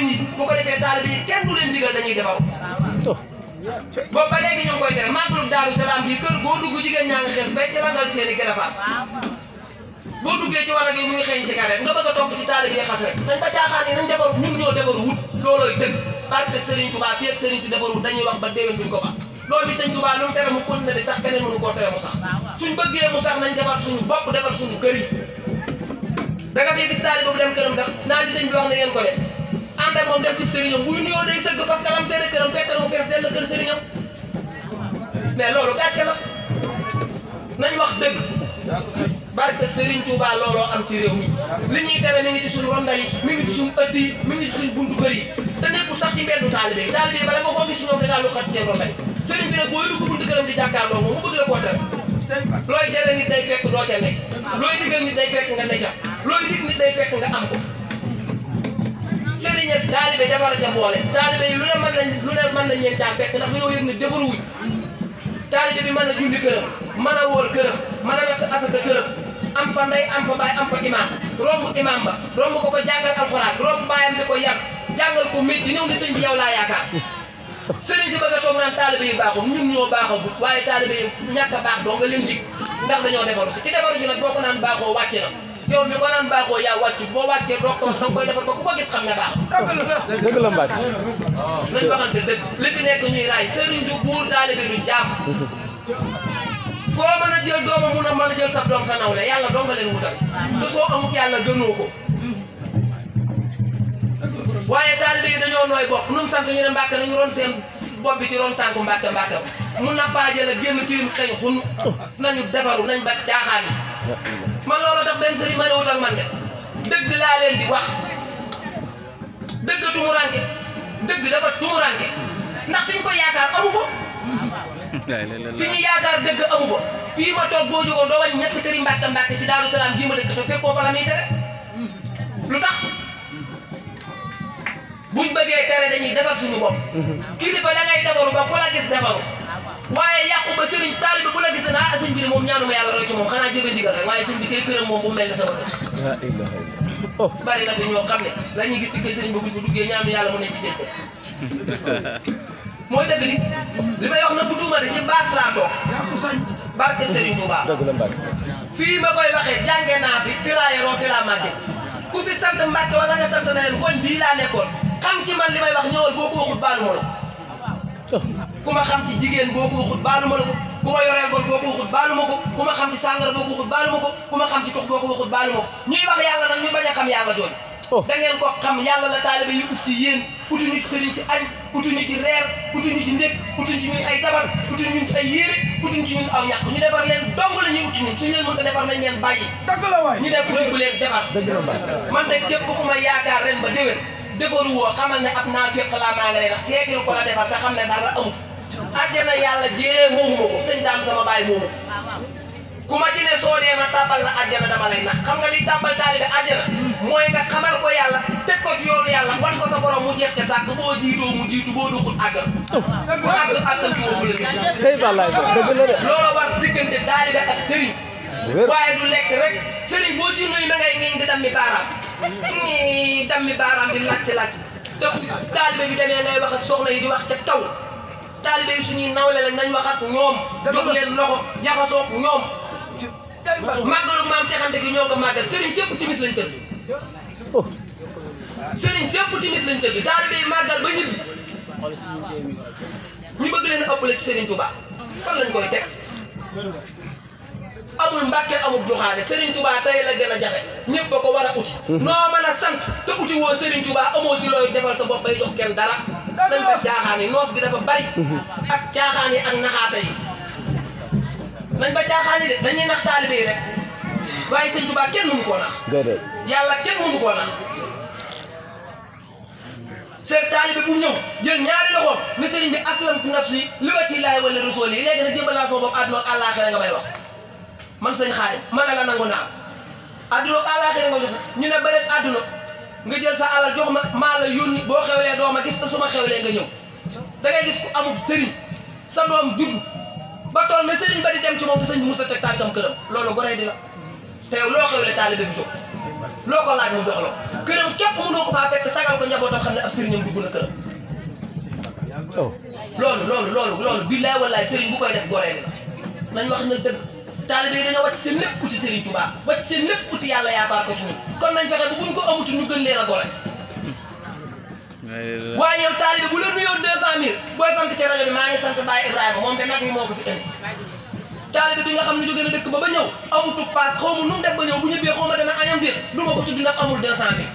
sëriñ yi bu ko defee taalibe yi kenn du leen digal dañuy defar oh. boobu ba léegi ñu ngi koy tere màggalu Daaru Salaam bi kër goo dugg jigéen ñaa ngi xees bay ci langal seen i gelafaas boo duggee ci wanag xeeñ si kareet nga bëgg a topp ci taalibe yi xas rek nañ ba caaxaan defaru ñun ñoo defaru wut loolooy dëgg barke Serigne Touba fii ak Serigne si defaru wut dañuy wax ba déwén duñ ko ba loolu bi sëñ Touba lu mu tere mu continué di sax keneen mënu koo tere mu sax suñ bëggee mu sax nañ defar suñu bopp defar suñu gis taalibe bu dem këram sax naa di sëñ wax na ngeen ko ànd ak moom def ci sëriñam buy nuyoo day sëgg parce que lam sëriñam mais loolu gàcce la nañ wax dëgg barke Serigne Touba looloo am ci réew mi li ñuy tere mi ngi ci suñu ronda yi ngi ci suñu ëtt yi mi ngi ci suñu buntu kër yi te nekkul sax ci mbeddu taalibe yi taalibe yi bala nga koo gis ñoom dangaa lukkat seen ronda yi Serigne bi nag booy dugg buntu këram di moom mu bëgg la koo tere looy tere nit day fekk doo ca ne looy dig nit day fekk nga am sëriñ ak taalibe dafa la ca boole taalibe yi lu ne mën nañ lu ne mën nañ leen caa fekk ndax yow yëg ne defaruwuñ taalibe bi mën na julli këram mën a wóor këram mën a natt asaka këram am fa ndey am fa baay am fa imaam romb imaam ba romb ko ko jàngal alxuraan romb baayam di ko yar jàngal ko métti ñëw ni sëñ bi yow laa yaakaar sëriñ si bëgg a toog naan taalibe yi baaxul ñun ñoo baaxagul waaye taalibe yi ñàkk a baax doo boo ko naan baaxoo wàcc na yow mi ko naan baaxoo yaa wàccu boo wàccee doo ko danga koy defar ba ku ko gis xam ne baax. dëgg la Mbacke. nañ waxante dëgg li fi nekk ñuy raay sëriñ du buur taalibe du jaam. koo mën a jël doomam mun a mën a jël sa doom sa nawle yàlla doom nga leen wutal te soo amut yàlla gënoo ko waaye taalibe yi dañoo nooy bopp nu mu sant ñu ne Mbacke nañu ron seen. bopp bi ci ron tànku mbàkk mbàkk mu nappaajal ak génn tilim xeñ xun nañu defaru nañ ba caaxaan man loolu tax de dëgg laa di wax dëgg tumuranke dëgg dafa tumuranke ndax fi ñu ko yaakaar amu fa fi ñu yaakaar dëgg amu ko fii ma toog boo jógoon doo wañ ñetti këri mbàkk mbàkk ci Daaru Salaam gii ma dëkk te fekkoo fa la muy tere lu tax buñ bëggee tere dañuy defar suñu bopp. Mhm. kilifa da ngay defaru ba ku la gis defaru waaye yàqu ba sëriñ taalibe bu la gis ne ah sëñ bi moom ñaanuma yàlla roy ci moom xanaa jëfe ndigal rek waaye sëñ bu mel ne sama kër. Oh. bari ñoo xam ne la ñuy gis ci kër ba buñ fa duggee ñaanu yàlla mu nekk ci seen kër. mooy dëgg li li may wax na bu duuma de ci baas laa toog barke Serigne Touba fii ma koy waxee jànge naa fi fi laa yoroo fi laa màggee ku fi sant Mbàkke wala nga sant na xam ci ma la ko ku ma xam ci jigéen boo ko waxut baalu ma la ko ku ma yoreel bor boo ko waxut baalu ma ko ku ci sàngara boo ko waxut baalu ma ko ku ci tox boo ko waxut baalu ma ko ñuy wax nag ñu bañ a xam yàlla doon oh. da ngeen ko xam yàlla la yi ut ci yéen utu ñu ci sëriñ si añ utu ñu ci reer utu ñu ci ndékk utu ci ñun ay dabar utu ñun ci ay yére utu ci ñun aw ñàkk ñu defar leen dong la ñuy uti ñun suñu leen mën a defar nañ leen leen de képp ku ma yaakaar ren ba déwén defaru woo xamal ne ab naafiq laa maa nga lay ndax siècle ko la defar te xam ne dara amu àjjana yàlla jee moomu ma ko sëñ daam sama baay moomu ku ma ci ne soo dee ma tàbbal la àjjana dama lay nax xam nga li tàbbal taalibe àjjana mooy nga xamal ko yàlla teg ko ci yàlla wan ko sa borom mu jeex ca tàkk boo jiitoo mu jiitu boo duxul àggal ku àgg àggal ci woomu la loolu war diggante taalibe ak sëriñ waaye nii dammi baaraam di làcc làcc te taalibe bi demee ngay wax ak soxna yi di wax ca taw taalibe yi suñuy nawle lañ nañ wax ak ñoom jox leen loxo jaxasoog ñoom màggalu maam seexante gi ñoo ko màggal sëriñ sépp timis lañ tër bi sëriñ sépp timis lañ tër bi taalibe yi màggal ba ñibbi ba bëgg leen ëppale ci sëriñ Tuubaa fan lañ koy teg amul mbàkke amul joxaane Serigne Touba tey la gën a jafe ñëpp a ko war a uti. Mhm. noo mën a sant te uti woo Serigne Touba amoo ci looy defal sa bopp bay jox kenn dara. dañ ko caaxaan yi noos gi dafa bari. Mhm. ak caaxaan yi ak naxaate yi. nañ ba caaxaan yi de dañuy nax taalibe yi rek waaye Serigne Touba kenn mënu koo nax. déedéet yàlla kenn mënu koo nax. seet taalibe bu ñëw jël ñaari loxoom ne Serigne bi aslamtu nafsi li wajhillaahi wala rasuuli léegi nag jébbal naa sama bopp àdduna ak àllaaxira nga bay wax. man sañ xaadim man a la nangu naa adduna àllaaxira nga joxe ñu ne bëreet adduna nga jël sa alal jox ma maa la yónni boo xewlee doo ma gis te su ma xewlee nga ñëw da ngay gis ku amub sëriñ sa doom judd ba tool na sëriñ ba di dem ci moom sëñ bi musa te tànkam këram loolu goree di la te yow loo xewle taalibe bi jóg loo ko laaj mu jox la këram képp mënoo ko faa fekk sagal ko njabootam xam ne ab sëriñam dugg na këram oh. loolu loolu loolu loolu billaay wallaay sëriñ bu koy def goree di la nañ wax na dëgg taalibe yi dañoo wàcc seen lépp uti Serigne Touba wàcc seen lépp uti yàlla yaakaar ko ci ñun kon nañ fexe bu buñ ko amuti ñu gën leen a gore waaye yow bu la nuyoo deux cent mille booy sant ci rajo sant Baye Ibrahima moom de nag mi moo bi nga xam ne jóge na dëkk ba ba ñëw amutu paas xaw ma nu mu def ba ñëw bu ñëbbee xaw ma dana añam déet du ma ko tudd ndax amul deux cent mille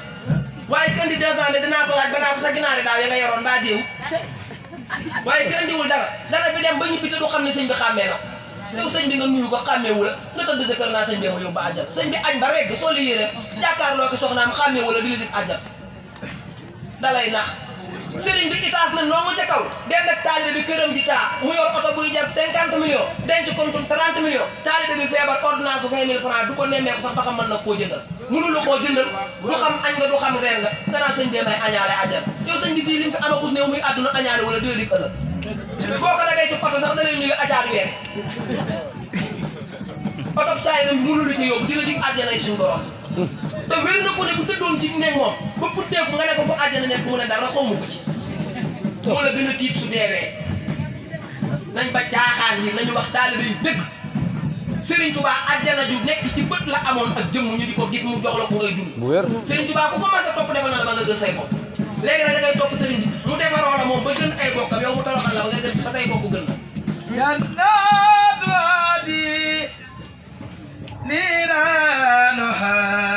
waaye ki indi deux cent mille naa ko sa ginaari daaw ya nga yoroon mbaa déew waaye ki indiwul dara dara bi dem ba ñibbi te du xam ne sëñ bi xàmmee na yow sëñ bi nga nuyu ko xàmmeewu la nga tëdd sa kër naa sëñ bi ma yóbbu àjjal sëñ bi añ ba regg soo li yéreem jàkkaarloo ki soxnaam xàmmeewu la di la dig àjjal noo mu ca kaw benn taalibe bi di taa mu yor oto buy jar cinquante millions denc kontum trente millions taalibe bi feebar ordonnance su vingt mille francs du ko nemmeeku sax ba xam koo jëndal mënula koo jëndal du xam añ nga du xam reer nga danaa sëñ bee may añaale ajal yow sëñ bi fii fi amagus néew muy àdduna añaale wala dina dik ëllëg boo ko dagee ci attaar weer otop saa yi mënu la ci yóbbu di la dig àjjanay suñu borom te wér na ko ne bu tëddoon ci nekk moom ba putteeku nga ne ko fa àjjana nekk mu ne dara xawma ko ci moo la gën a tiit su deewee nañ ba caaxaan yi nañu wax taalibe yi dëgg àjjana nekk ci bët la amoon ak jëmm ñu di ko gis mu jox la ko ngay dund bu wér Serigne Touba ku ko mas a topp defal na la ba nga gën say bopp léegi nag da ngay topp Serigne bi mu defaroo la moom ba gën ay bokkam yow mu toroxal la ba nga gën say bokk gën la جنات وادي نيرانها